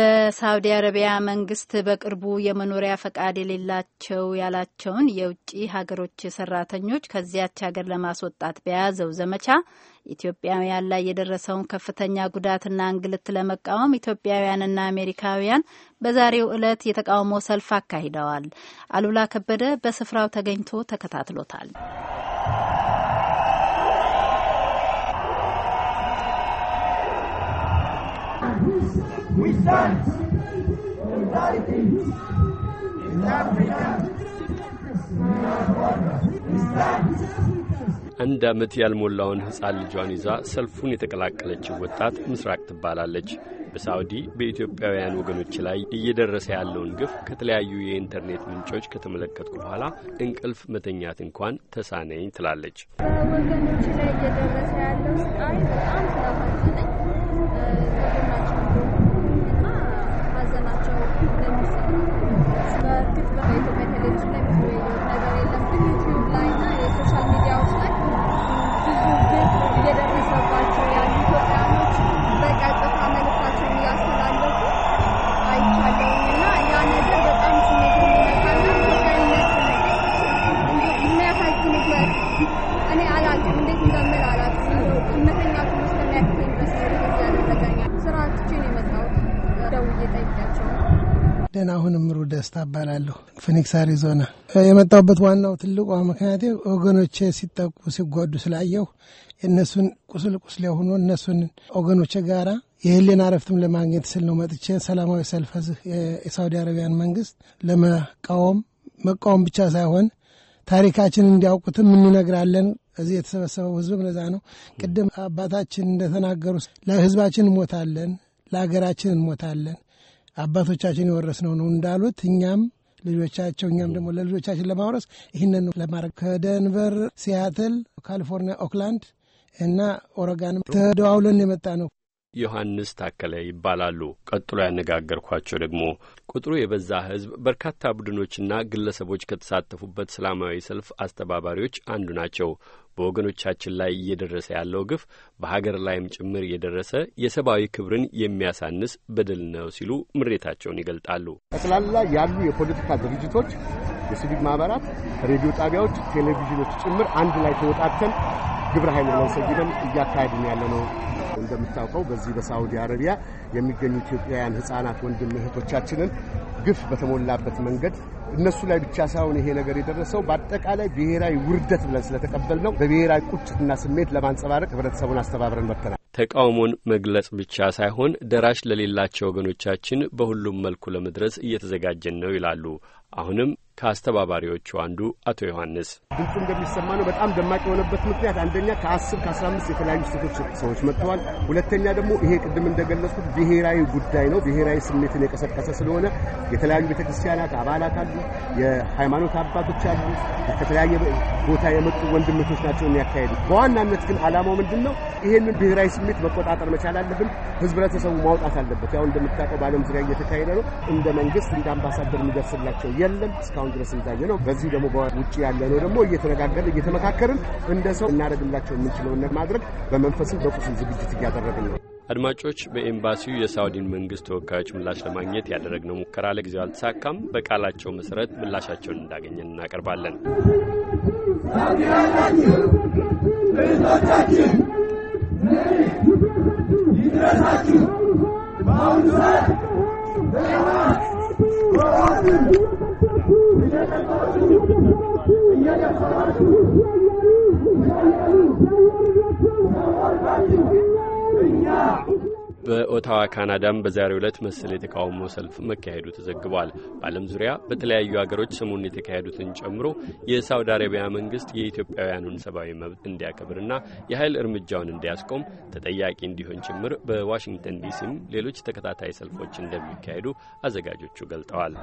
በሳውዲ አረቢያ መንግስት በቅርቡ የመኖሪያ ፈቃድ የሌላቸው ያላቸውን የውጭ ሀገሮች ሰራተኞች ከዚያች ሀገር ለማስወጣት በያዘው ዘመቻ ኢትዮጵያውያን ላይ የደረሰውን ከፍተኛ ጉዳትና እንግልት ለመቃወም ኢትዮጵያውያንና አሜሪካውያን በዛሬው ዕለት የተቃውሞ ሰልፍ አካሂደዋል። አሉላ ከበደ በስፍራው ተገኝቶ ተከታትሎታል። We stand solidarity in Africa. አንድ ዓመት ያልሞላውን ሕፃን ልጇን ይዛ ሰልፉን የተቀላቀለችው ወጣት ምስራቅ ትባላለች። በሳውዲ በኢትዮጵያውያን ወገኖች ላይ እየደረሰ ያለውን ግፍ ከተለያዩ የኢንተርኔት ምንጮች ከተመለከትኩ በኋላ እንቅልፍ መተኛት እንኳን ተሳነኝ ትላለች። ወገኖች ላይ እየደረሰ ያለው ስቃይ በጣም ስራ ደህና አሁን ምሩ ደስታ እባላለሁ። ፊኒክስ አሪዞና። የመጣሁበት ዋናው ትልቋ ምክንያቴ ወገኖቼ ሲጠቁ ሲጎዱ ስላየሁ የእነሱን ቁስል ቁስል የሆኑ እነሱን ወገኖቼ ጋራ የህሊና እረፍትም ለማግኘት ስል ነው መጥቼ ሰላማዊ ሰልፍ እዚህ የሳውዲ አረቢያን መንግስት ለመቃወም መቃወም ብቻ ሳይሆን ታሪካችን እንዲያውቁትም እንነግራለን። እዚህ የተሰበሰበው ህዝብም ለዛ ነው። ቅድም አባታችን እንደተናገሩ ለህዝባችን እንሞታለን፣ ለሀገራችን እንሞታለን አባቶቻችን የወረስነው ነው እንዳሉት እኛም ልጆቻቸው እኛም ደግሞ ለልጆቻችን ለማውረስ ይህንን ለማድረግ ከደንቨር፣ ሲያትል፣ ካሊፎርኒያ፣ ኦክላንድ እና ኦረጋንም ተደዋውለን የመጣ ነው። ዮሐንስ ታከለ ይባላሉ። ቀጥሎ ያነጋገርኳቸው ደግሞ ቁጥሩ የበዛ ሕዝብ በርካታ ቡድኖችና ግለሰቦች ከተሳተፉበት ሰላማዊ ሰልፍ አስተባባሪዎች አንዱ ናቸው። በወገኖቻችን ላይ እየደረሰ ያለው ግፍ በሀገር ላይም ጭምር እየደረሰ የሰብአዊ ክብርን የሚያሳንስ በደል ነው ሲሉ ምሬታቸውን ይገልጣሉ። ጠቅላላ ያሉ የፖለቲካ ድርጅቶች፣ የሲቪክ ማህበራት፣ ሬዲዮ ጣቢያዎች፣ ቴሌቪዥኖች ጭምር አንድ ላይ ተወጣተን ግብረ ኃይል ብለን ሰይመን እያካሄድን ያለ ነው እንደምታውቀው በዚህ በሳዑዲ አረቢያ የሚገኙ ኢትዮጵያውያን ህጻናት ወንድም እህቶቻችንን ግፍ በተሞላበት መንገድ እነሱ ላይ ብቻ ሳይሆን ይሄ ነገር የደረሰው በአጠቃላይ ብሔራዊ ውርደት ብለን ስለተቀበል ነው። በብሔራዊ ቁጭትና ስሜት ለማንጸባረቅ ህብረተሰቡን አስተባብረን መጥተናል። ተቃውሞን መግለጽ ብቻ ሳይሆን ደራሽ ለሌላቸው ወገኖቻችን በሁሉም መልኩ ለመድረስ እየተዘጋጀን ነው ይላሉ። አሁንም ከአስተባባሪዎቹ አንዱ አቶ ዮሐንስ ድምፁ እንደሚሰማ ነው። በጣም ደማቅ የሆነበት ምክንያት አንደኛ ከአስር ከአስራ አምስት የተለያዩ ሴቶች ሰዎች መጥተዋል። ሁለተኛ ደግሞ ይሄ ቅድም እንደገለጽኩት ብሔራዊ ጉዳይ ነው። ብሔራዊ ስሜትን የቀሰቀሰ ስለሆነ የተለያዩ ቤተክርስቲያናት አባላት አሉ፣ የሃይማኖት አባቶች አሉ፣ ከተለያየ ቦታ የመጡ ወንድምቶች ናቸው የሚያካሄዱ። በዋናነት ግን አላማው ምንድን ነው? ይሄንን ብሔራዊ ስሜት መቆጣጠር መቻል አለብን። ህብረተሰቡ ማውጣት አለበት። ያው እንደምታውቀው በዓለም ዙሪያ እየተካሄደ ነው። እንደ መንግስት እንደ አምባሳደር የሚደርስላቸው የለም እስካሁን እስካሁን ድረስ እንዳየ ነው። በዚህ ደግሞ ውጭ ያለ ነው ደግሞ እየተነጋገር እየተመካከርን እንደ ሰው እናደርግላቸው የምንችለውን ማድረግ በመንፈስም በቁስም ዝግጅት እያደረግን ነው። አድማጮች፣ በኤምባሲው የሳውዲን መንግስት ተወካዮች ምላሽ ለማግኘት ያደረግነው ሙከራ ለጊዜው አልተሳካም። በቃላቸው መሰረት ምላሻቸውን እንዳገኘን እናቀርባለን። ይድረሳችሁ በአሁኑ ሰዓት በኦታዋ ካናዳም በዛሬው ዕለት መሰል የተቃውሞ ሰልፍ መካሄዱ ተዘግቧል። በዓለም ዙሪያ በተለያዩ ሀገሮች ሰሞኑን የተካሄዱትን ጨምሮ የሳውዲ አረቢያ መንግስት የኢትዮጵያውያኑን ሰብአዊ መብት እንዲያከብርና የኃይል እርምጃውን እንዲያስቆም ተጠያቂ እንዲሆን ጭምር በዋሽንግተን ዲሲም ሌሎች ተከታታይ ሰልፎች እንደሚካሄዱ አዘጋጆቹ ገልጠዋል።